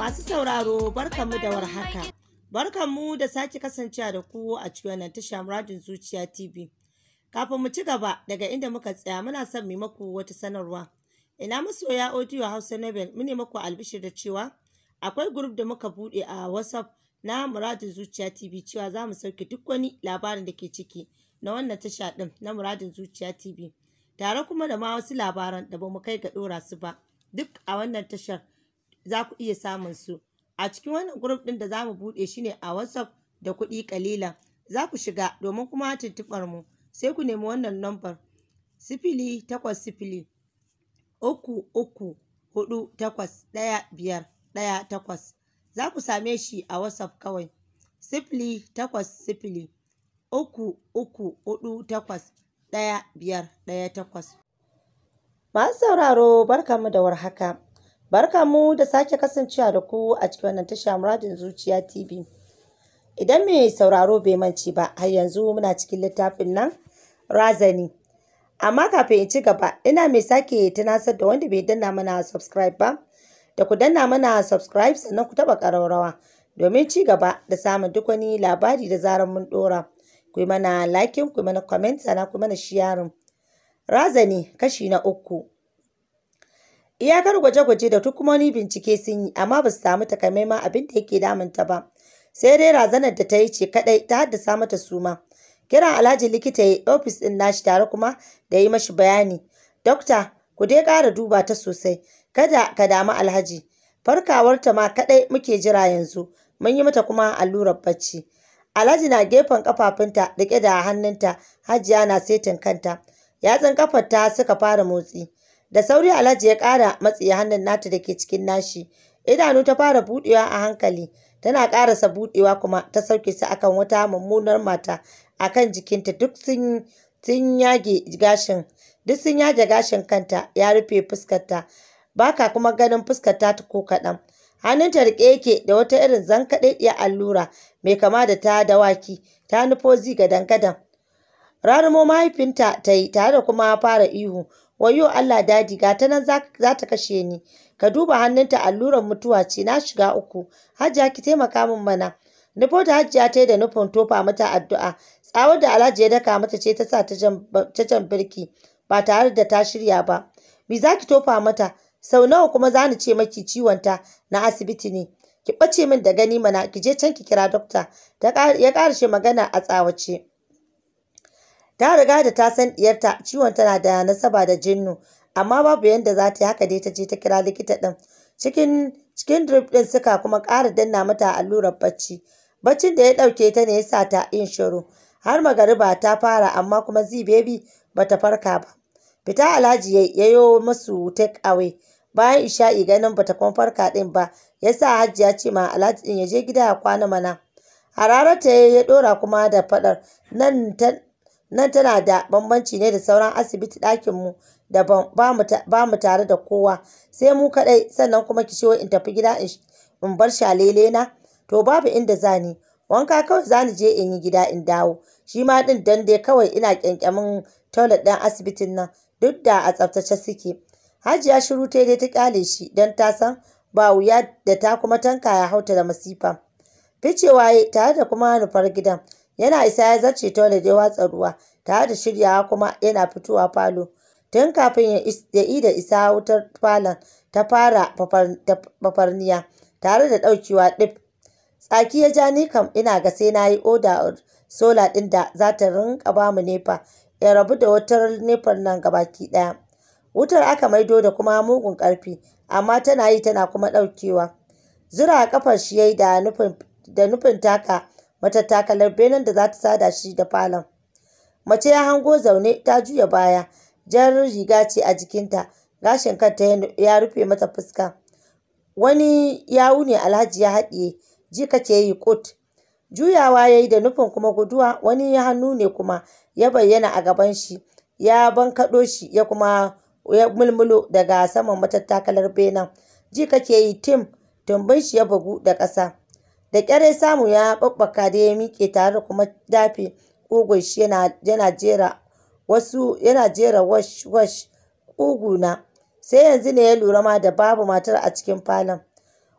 Masu sauraro barkanmu da warhaka. Barkanmu da sake kasancewa da ku a cikin wannan tasha muradin zuciya TV. Kafin mu ci gaba daga inda muka tsaya muna son mu maku wata sanarwa. Ina masoya audio Hausa Nobel mune maku albishir da cewa akwai group da muka bude a WhatsApp na Muradin Zuciya TV cewa za mu sauke duk wani labarin da ke ciki na wannan tasha din na Muradin Zuciya TV. Tare kuma da ma wasu labaran da ba mu kai ga dora su ba duk a wannan tashar za ku iya samun su a cikin wannan group din da za mu buɗe shi ne a whatsapp da kuɗi ƙalilan za ku shiga domin kuma tuntuɓar mu sai ku nemi wannan nambar sifili takwas sifili uku uku hudu takwas ɗaya biyar ɗaya takwas za ku same shi a whatsapp kawai sifili takwas sifili uku uku hudu takwas ɗaya biyar ɗaya takwas masu sauraro barkamu da warhaka Barka mu da sake kasancewa da ku a cikin wannan tasha muradin zuciya TV. Idan mai sauraro bai manci ba, har yanzu muna cikin littafin nan razani. Amma kafin in ci gaba, ina mai sake tunasar da wanda bai danna mana subscribe ba, da ku danna mana subscribe sannan ku taɓa ƙararrawa domin ci gaba da samun duk wani labari da zarar mun dora Ku yi mana liking, ku yi mana comment, sannan ku yi mana sharing. Razani kashi na uku. Iyakar gwaje-gwaje da tukumoni bincike sun yi, amma ba su samu takamaiman abin da yake damunta ba. Sai dai razanar da ta yi ce kaɗai ta haddasa mata suma. Kiran Alhaji likita ya ofis ɗin nashi tare kuma da yi mashi bayani. Dokta, ku dai kara duba ta sosai. Kada ka damu Alhaji. Farkawarta ma kaɗai muke jira yanzu. Mun yi mata kuma allurar bacci. Alhaji na gefen kafafunta riƙe da hannunta, Hajiya na setin kanta. Yatsun ta suka fara motsi. Da sauri Alhaji ya ƙara matsi hannun nata da ke cikin nashi. Idanu ta fara buɗewa a hankali, tana ƙarasa buɗewa kuma ta sauke su akan wata mummunar mata akan jikinta duk sun yage gashin duk sun yage gashin kanta ya rufe fuskarta baka kuma ganin fuskarta ta ko kaɗan hannunta riƙe yake da wata irin zankaɗaɗɗiyar allura mai kama da ta dawaki ta nufo zi gadan gadan rarumo mahaifinta ta yi tare da kuma fara ihu wayo Allah dadi ga ta nan za ta kashe ni ka duba hannunta alluran mutuwa ce na shiga uku hajiya ki taimaka min mana nufo da hajiya ta yi da nufin tofa mata addu'a tsawar da alhaji ya daka mata ce ta sa ta jan birki ba tare da ta shirya ba me za ki tofa mata sau nawa kuma za ni ce maki ciwon ta? na asibiti ne ki ɓace min da gani mana ki je can ki kira dokta ya ƙarashe magana a tsawace ta riga da ta san diyarta ciwon tana da nasaba da jinnu amma babu yadda za ta yi haka dai ta je ta kira likita ɗin cikin cikin drip ɗin suka kuma ƙara danna mata allurar bacci baccin da ya ɗauke ta ne ya sa ta yin shiru har magariba ta fara amma kuma zi baby bata farka ba fita alhaji ya yo musu take away bayan isha'i ganin bata kuma farka ɗin ba ya sa Hajji ya ce ma alhaji ɗin ya je gida ya kwana mana Hararar hararata ya ɗora kuma da faɗar nan nan tana da bambanci ne da sauran asibiti ɗakin mu da ba mu tare da kowa sai mu kaɗai sannan kuma ki ce in tafi gida in bar shalele na to babu inda zani wanka kawai zani je in yi gida in dawo shi ma ɗin dan dai kawai ina kyankyamin toilet ɗin asibitin nan duk da a tsaftace suke hajiya shiru ta dai ta kyale shi dan ta san ba wuya da ta kuma tanka ya hauta da masifa ficewa tare da kuma nufar gidan yana isa ya zarce toilet ya watsa ruwa tare da shiryawa kuma yana fitowa falo tun kafin ya yi da isa wutar falon ta fara fafarniya tare da ɗaukewa ɗif tsaki ya ja ni kam ina ga sai na yi oda sola ɗin da za ta rinka ba mu nefa ya rabu da wutar nefar nan gabaki ɗaya wutar aka maido da kuma mugun karfi amma tana yi tana kuma ɗaukewa zura kafar shi yayi da nufin da nufin taka matattakalar benin da za ta sada shi da falon mace ya hango zaune ta juya baya jan riga ce a jikinta gashin kanta ya rufe mata fuska wani ya ne alhaji ya haɗiye ji kake yi kot juyawa ya yi da nufin kuma guduwa wani hannu ne kuma ya bayyana a gaban shi ya bankaɗo shi ya kuma ya mulmulo daga saman matattakalar benin ji kake yi tim tumbin shi ya bugu da ƙasa da ƙyar samu ya babbaka da ya miƙe tare da kuma dafe ƙugun shi yana jera wasu yana jera wash wash ƙuguna sai yanzu ne ya lura ma da babu matar a cikin falon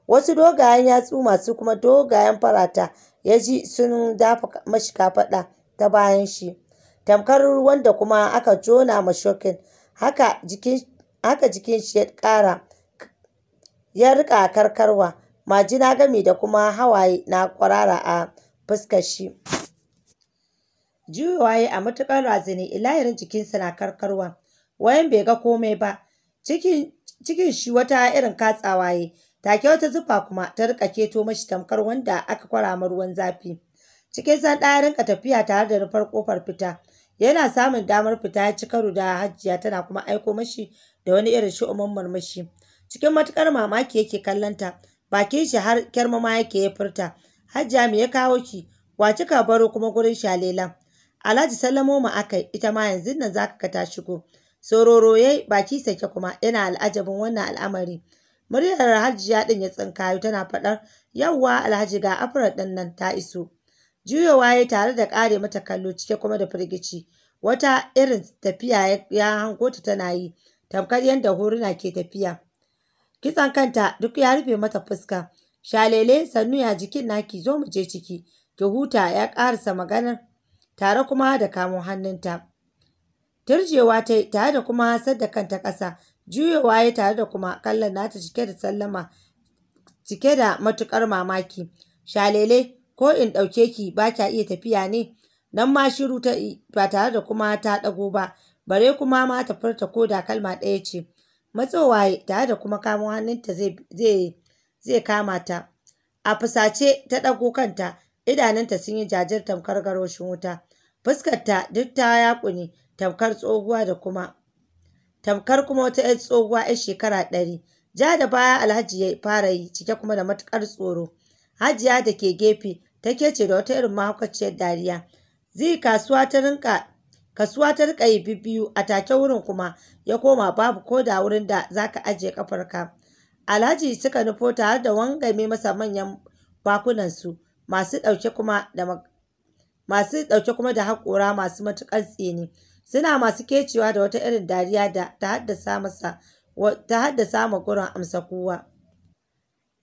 wasu dogayen yatsu masu kuma dogayen farata ya ji sun dafa mashi kafaɗa ta bayan shi tamkar wanda kuma aka jona ma shokin haka jikin shi ya ƙara ya rika karkarwa majina gami da kuma hawaye na kwarara a fuskar shi. Juyowa ya a matuƙar razani ilahirin jikinsa na karkarwa, wayan bai ga komai ba, cikin shi wata irin katsawa ya take wata zufa kuma ta rika keto mashi tamkar wanda aka kwara kwarama ruwan zafi. Cikin san ɗaya rinka tafiya tare da rufar kofar fita, yana samun damar fita ya ci karo da hajjiya tana kuma aiko mashi da wani irin shi'umin murmushi. Cikin matuƙar mamaki yake kallon ta, bakin shi har karmama yake ya furta hajja me ya kawo ki wa kika baro kuma gurin shalela alhaji sallamo mu akai ita ma yanzu nan zaka ka ta shigo sororo yayi baki sake kuma yana al'ajabin wannan al'amari muryar hajiya din ya tsinkayo tana faɗar yawwa alhaji ga afrar ɗinnan, nan ta iso juyowa ya tare da kare mata kallo cike kuma da firgici wata irin tafiya ya hango ta tana yi tamkar yadda horuna ke tafiya kitsan kanta duk ya rufe mata fuska shalele sannu ya jikin naki zo mu je ciki ki huta ya karasa maganar tare kuma da kamo hannunta turjewa ta tare da kuma hasar da kanta ƙasa juyowa ya tare da kuma kallon nata cike da sallama cike da matukar mamaki shalele ko in ɗauke ki ba kya iya tafiya ne nan ma shiru ta ba tare da kuma ta ɗago ba bare kuma ma ta furta ko da kalma ɗaya ce matsowa tare da kuma kamo hannunta zai kama ta a fusace ta ɗago kanta idanunta sun yi jajir tamkar garoshin wuta fuskarta duk ta yaƙuni tamkar tsohuwa da kuma tamkar kuma wata 'yar tsohuwa 'yar shekara ɗari ja da baya alhaji ya fara yi cike kuma da matukar tsoro hajiya da ke gefe take ce da wata irin mahaukaciyar dariya zai kasuwa ta rinka kasuwa ta rika yi bibbiyu a take wurin kuma ya koma babu ko da wurin da za ka ajiye kafarka alhaji suka nufo tare da wangame masa manyan bakunansu masu dauke kuma da masu dauke kuma da haƙora masu matuƙar tsini suna masu kecewa da wata irin dariya da ta haddasa masa ta haddasa ma gurin amsa kowa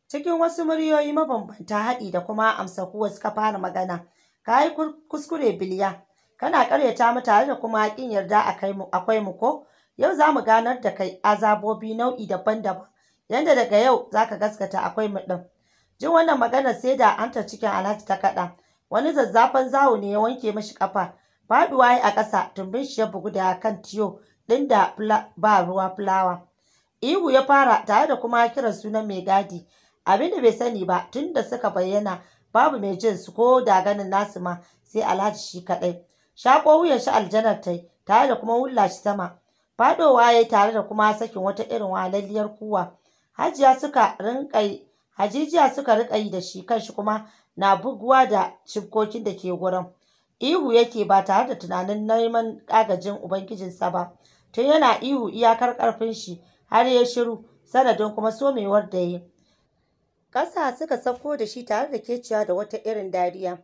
cikin wasu muryoyi mabambanta haɗi da kuma amsa kowa suka fara magana ka yi kuskure biliya kana karyata mu tare da kuma haƙin yarda akwai mu ko yau za mu ganar da kai azabobi nau'i daban-daban yanda daga yau za ka gaskata akwai mu ɗin jin wannan maganar sai da antar cikin alhaji ta kaɗa wani zazzafan zawo ne ya wanke mashi ƙafa faɗuwa ya a ƙasa tumbin shi ya bugu da kan tiyo ɗin da ba ruwa fulawa ihu ya fara tare da kuma kiran sunan mai gadi abin da bai sani ba tunda suka bayyana babu mai jin su ko da ganin nasu ma sai alhaji shi kaɗai shaƙo wuya shi aljanar ta tare da kuma wulla shi sama faɗowa ya yi tare da kuma sakin wata irin walalliyar kuwa hajiya suka rinƙa hajijiya suka riƙa yi da shi kanshi kuma na buguwa da cibkokin da ke gurin ihu yake ba tare da tunanin neman ƙagajin ubangijinsa ba tun yana ihu iyakar ƙarfin shi har ya shiru sanadin kuma somewar da ya yi. ƙasa suka sauko da shi tare da keciya da wata irin dariya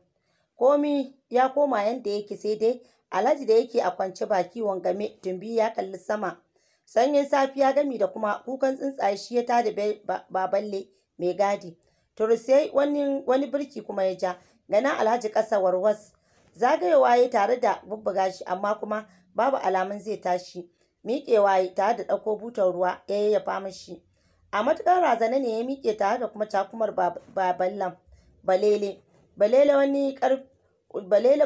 komi ya koma yadda yake sai dai alhaji da yake a kwance baki wangame tumbi ya kalli sama sanyin safiya gami da kuma kukan tsuntsaye shi ya tada baballe mai gadi turisai wani wani birki kuma ya ja gana alhaji kasa warwas zagayewa ya tare da bubbuga shi amma kuma babu alamun zai tashi miƙewa ya tare da ɗauko butar ruwa ya yayyafa mashi a matuƙar razana ne ya miƙe tare da kuma cakumar baballan balele balele wani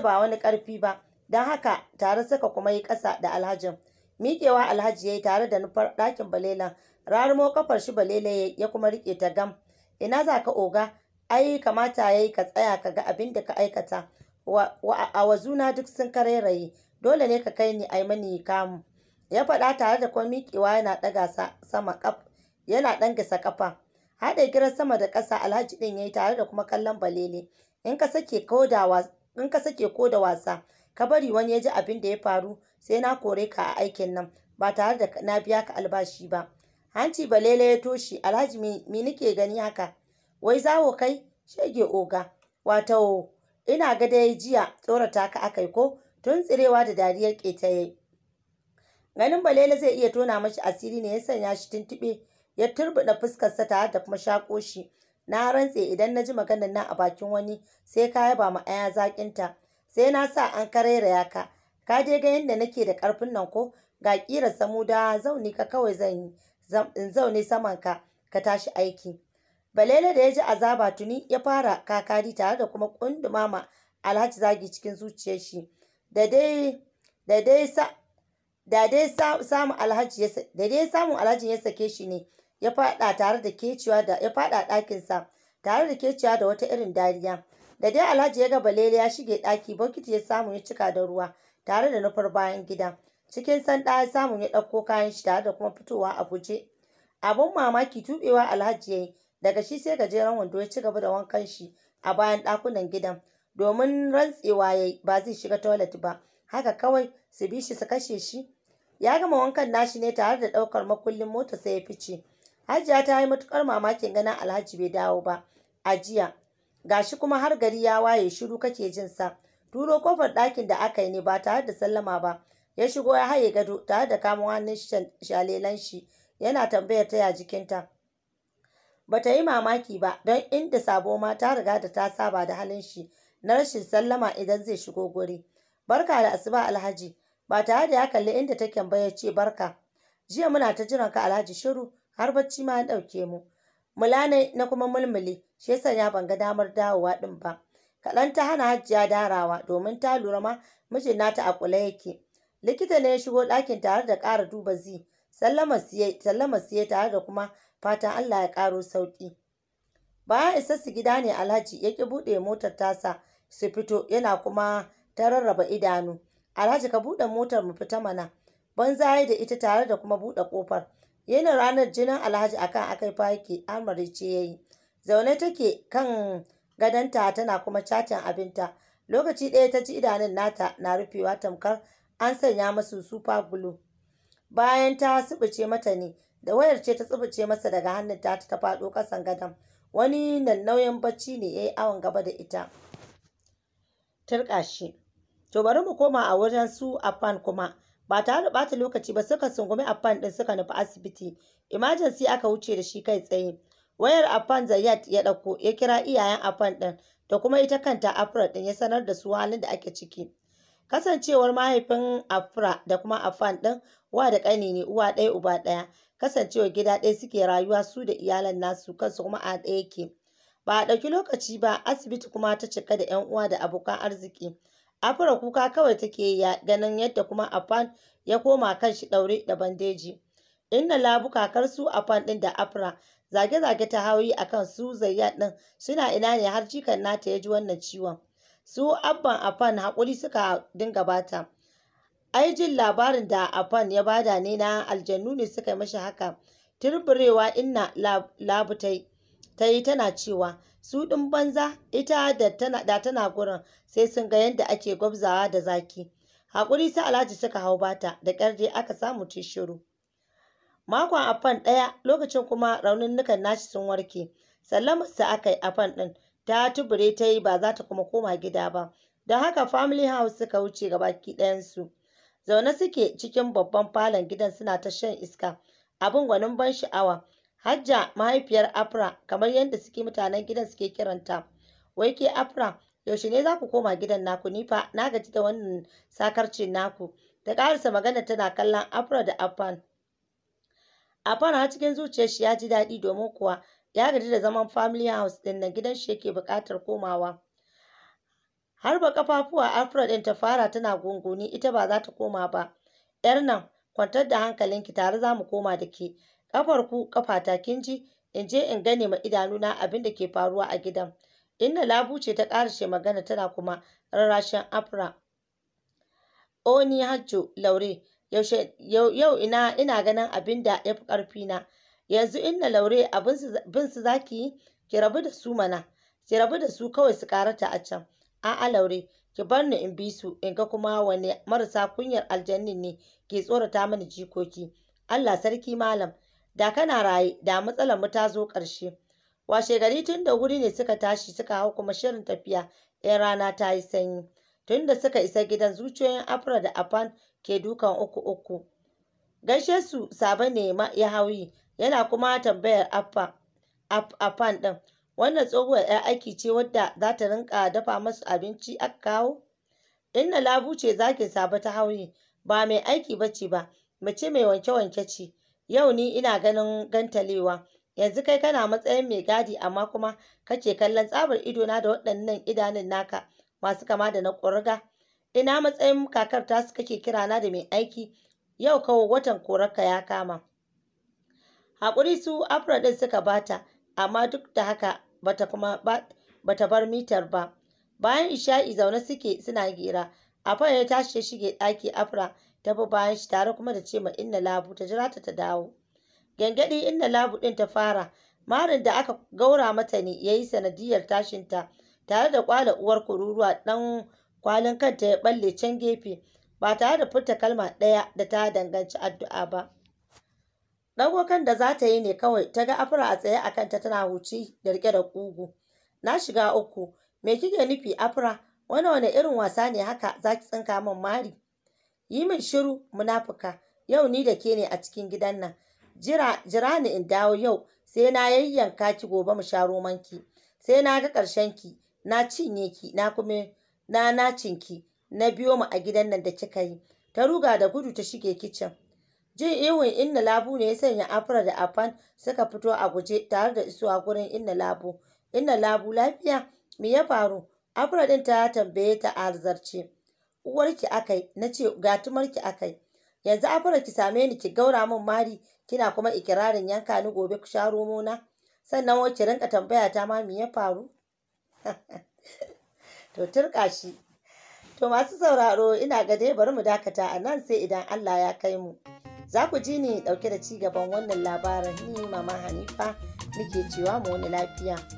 ba wani ƙarfi ba don haka tare suka kuma yi ƙasa da alhajin miƙewa alhaji ya yi tare da nufar ɗakin balela rarumo kafar shi balele ya kuma riƙe ta gam ina za ka oga ai kamata ya yi ka tsaya ka ga abin da ka aikata a wazuna duk sun kareraye dole ne ka kai ni ai mani kamu ya faɗa tare da kuma miƙewa yana ɗaga sama kaf yana ɗangasa kafa haɗa girar sama da ƙasa alhaji ɗin ya yi tare da kuma kallon balele in ka sake ko da wasa ka bari wani ya ji abin da ya faru sai na kore ka a aikin nan ba tare da na biya ka albashi ba hanci balele ya toshi alhaji me nake gani haka wai zawo kai shege oga wato ina ga dai jiya tsorata ka akai ko tun tsirewa da dariyar ketaye ganin balele zai iya tona mashi asiri ne ya sanya shi tuntuɓe ya turbuɗa fuskarsa tare da kuma shaƙo na rantse idan na ji maganar nan a bakin wani sai ka yaba ma aya ta, sai na sa an karairaya ka ka je ga yadda nake da ƙarfin nan ko ga ƙira samu da zauni ka kawai zan yi in zaune saman ka ka tashi aiki balele da ya ji azaba tuni ya fara kakari tare da kuma ƙunduma ma alhaji zagi cikin zuciyar shi da dai da dai sa da dai samun alhaji ya sake shi ne ya faɗa tare da da ya faɗa ɗakinsa tare da keciwa da wata irin dariya da dai alhaji ya ga balele ya shige ɗaki bokiti ya samu ya cika da ruwa tare da nufar bayan gida cikin sanda ya samu ya ɗauko kayan shi tare da kuma fitowa a guje abun mamaki tuɓewa alhaji yayi. daga shi sai gajeren wando ya ci gaba da wankan shi a bayan ɗakunan gidan domin rantsewa ya ba zai shiga toilet ba haka kawai su bi shi su kashe shi ya gama wankan nashi ne tare da ɗaukar makullin mota sai ya fice Hajiya ta yi matuƙar mamakin ganin Alhaji bai dawo ba a jiya. Gashi kuma har gari ya waye shiru kake jin sa. Turo kofar ɗakin da aka yi ne ba tare da sallama ba. Ya shigo ya haye gado tare da kamo hannun shalelan shi yana tambayar ta ya jikinta. ta yi mamaki ba don inda sabo ma ta riga da ta saba da halin shi na rashin sallama idan zai shigo guri. Barka da asuba Alhaji. Ba tare da ya kalli inda take ba ya ce barka. Jiya muna ta jiran ka Alhaji shiru har bacci ma ya ɗauke mu mula na kuma mulmule shi yasa ya ban ga damar dawowa ɗin ba kaɗan ta hana hajjiya darawa domin ta lura ma mijin nata a kula yake likita ne ya shigo ɗakin tare da ƙara duba zi sallama siye tare da kuma fatan Allah ya ƙaro sauƙi bayan isa su gida ne alhaji ya ƙi buɗe motar tasa su fito yana kuma ta rarraba idanu alhaji ka buɗe motar mu fita mana banza da ita tare da kuma buɗe ƙofar Yana ranar jinin Alhaji akan akai faki amari ce ya yi. Zaune take kan gadonta tana kuma cacin abinta. Lokaci ɗaya ta ci idanun nata na rufewa tamkar an sanya masu sufa gulu Bayan ta tsubuce mata ne, da wayar ce ta tsubuce masa daga hannun ta ta faɗo ƙasan gadon. Wani nan nauyin bacci ne ya yi awon gaba da ita. Turƙa To bari mu koma a wajen su a fan kuma. ba ta da ɓata lokaci ba suka sungumi affan ɗin suka nufi asibiti emergency aka wuce da shi kai tsaye wayar affan Zayat ya ɗauko ya kira iyayen affan ɗin da kuma ita kanta afra ɗin ya sanar da su halin da ake ciki kasancewar mahaifin afra da kuma affan ɗin wa da ƙani ne uwa ɗaya uba ɗaya kasancewar gida ɗaya suke rayuwa su da iyalan nasu kansu kuma a ɗaya ke ba a ɗauki lokaci ba asibiti kuma ta cika da 'yan uwa da abokan arziki Afra kuka kawai take ya ganin yadda kuma Afan ya koma kanshi ɗaure da bandeji. Inna Labu kakar su Afan ɗin da Afra zage-zage ta hau yi akan su zayya ɗin suna ina ne har jikan nata ya ji wannan ciwon. Su Abban Afan hakuri suka dinga bata. Ai jin labarin da Afan ya bada ne na aljannu ne suka mashi haka. Turburewa Inna Labu ta yi tana cewa su ɗin banza ita da tana tana gurin sai sun ga yadda ake gwabzawa da zaki haƙuri sai alhaji suka hau bata da ƙyar dai aka samu ta shiru makon afan ɗaya lokacin kuma rauninnukan nashi sun warke sallamarsa aka yi fan ɗin ta tubure ta yi ba za ta kuma koma gida ba don haka family house suka wuce ga baki ɗayansu zaune suke cikin babban falon gidan suna ta shan iska abin gwanin ban sha'awa Hajja mahaifiyar Afra kamar yadda suke mutanen gidan suke kiranta. Wai ke Afra yaushe ne za ku koma gidan naku ni fa na gaji da wannan sakarci naku. Da ƙarisa magana tana kallon Afra da Afan. Afan har cikin zuciyar shi ya ji daɗi domin kuwa ya gaji da zaman family house ɗin nan gidan shi yake buƙatar komawa. Har ba kafafuwa Afra ɗin ta fara tana gunguni ita ba za ta koma ba. ‘Yar nan kwantar da hankalinki tare za mu koma da ke. ƙafar ku ƙafata kin ji in je in gane ma idanu na abin da ke faruwa a gidan inna labu ce ta ƙarashe magana tana kuma rarrashin afra oni hajjo laure yaushe yau ina ina ganin abin da ya fi ƙarfi na yanzu inna laure abin bin su zaki yi ki rabu da su mana ki rabu da su kawai su karata a can a'a laure ki bar ni in bi su in ga kuma wani marasa kunyar aljannin ne ke tsorata mana jikoki Allah sarki malam da kana raye da matsalar mu ta zo ƙarshe washe gari tun da wuri ne suka tashi suka hau kuma shirin tafiya in rana ta yi sanyi tun da suka isa gidan zuciyoyin afra da afan ke dukan uku uku gaishe su saba ne ya hauyi yana kuma tambayar afa afan ɗin wannan tsohuwar 'ya aiki ce wadda za ta rinka dafa masu abinci aka kawo inna labu ce zakin saba ta hauyi ba mai aiki bace ba mace mai wanke-wanke ce yau ni ina ganin gantalewa yanzu kai kana matsayin mai gadi amma kuma kake kallon tsabar idona da waɗannan idanun naka masu kama da na ƙurga ina matsayin kakar tasu kake kira na da mai aiki yau kawo watan korarka ya kama haƙuri su afra ɗin suka bata amma duk da haka bata kuma bata bar mitar ba bayan isha'i zaune suke suna gira afra ya tashi ya shige ɗaki afra ta bi bayan shi tare kuma da ce ma inna labu ta jira ta ta dawo gyangyaɗi inna labu ɗin ta fara marin da aka gaura mata ne yayi yi sanadiyar tashinta tare da kwala uwar kururuwa ɗan kwalin kanta ya balle can gefe ba tare da furta kalma ɗaya da ta danganci addu'a ba dago kan da za ta yi ne kawai ta ga afra a tsaye a kanta tana huci da rike da ƙugu na shiga uku me kike nufi afra wani wani irin wasa ne haka za ki tsinka min mari Yi min shiru munafuka, yau ni da ke ne a cikin gidan nan. Jira, ni in dawo yau, sai na yayyanka ki gobe mu sha ki. Sai na ga ƙarshen ki, na cinye ki, na kuma na nacin ki, na biyo mu a gidan nan da kika yi. Ta ruga da gudu ta shige kicin. Jin ihun Inna Labu ne ya sanya Afra da Afan suka fito a guje tare da isuwa gurin Inna Labu. Inna Labu lafiya, me ya faru? Afra din ta tambaye ta a uwarki akai na ce gatumarki akai yanzu afara ki same ni ki gaura min mari kina kuma ikirarin yanka ni gobe ku sha romona sannan wai ki rinka tambaya ta ma me ya faru to turka shi to masu sauraro ina ga dai bari mu dakata a nan sai idan Allah ya kai mu za ku ji ni dauke da ci gaban wannan labarin ni mama Hanifa nake cewa mu wani lafiya